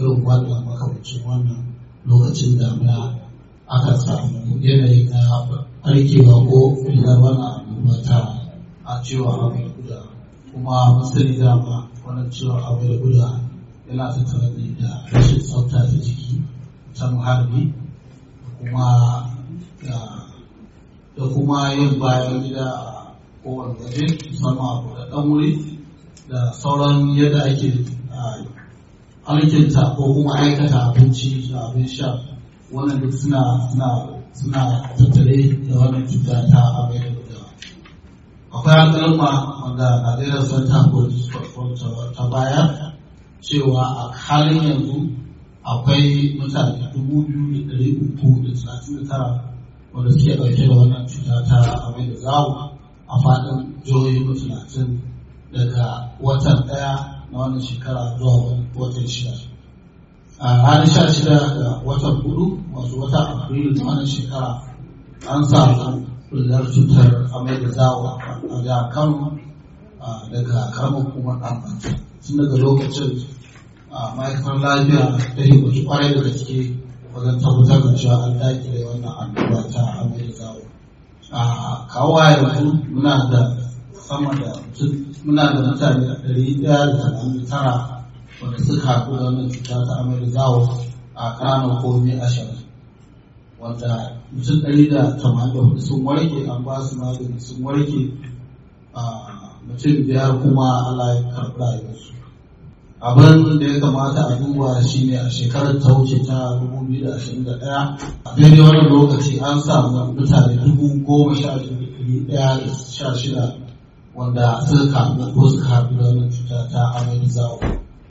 irin wannan makamancin wannan lokacin damina aka samu yanayi na barkewa ko fitar wannan annoba a cewa abu guda kuma masani dama wannan cewa abu guda yana tattara ne da rashin tsafta ta jiki ta muhalli kuma da kuma yin bayan gida a kowane waje musamman a da ɗan wuri da sauran yadda ake alkinta ko kuma aikata abinci da abin sha wannan duk suna suna tattare da wannan cuta ta abin da guda akwai alƙalma wanda najeriya sun ta ta baya cewa a halin yanzu akwai mutane dubu biyu da ɗari uku da talatin da tara wanda suke ɗauke da wannan cuta ta abin da zawo a faɗin jihohi talatin daga watan ɗaya na wannan shekara zuwa watan shida a ranar sha shida ga watan hudu masu wata afrilu na wannan shekara an zan kullar cutar amai da zawo a jihar kano daga karamar kuma ɗanɓanta tun daga lokacin ma'aikatar lafiya ta yi wasu kwarai da gaske wajen tabbatar da cewa an daƙile wannan annoba ta amai da zawo a kawo yanzu muna da sama da mutum muna da mutane ɗari ɗaya da talatin tara wanda suka haɗu da wannan cuta ta amai zawo a ƙananan komi ashirin wanda mutum ɗari da tamanin da hudu sun warke an ba su magani sun warke mutum biyar kuma Allah ya karɓi rayuwarsu abin da ya kamata a duba ne a shekarar ta wuce ta 2021 a daidai wannan lokaci an samu mutane dubu goma sha biyu da sha shida wanda suka kamu ko suka haɗu da wannan cuta ta amai da zawo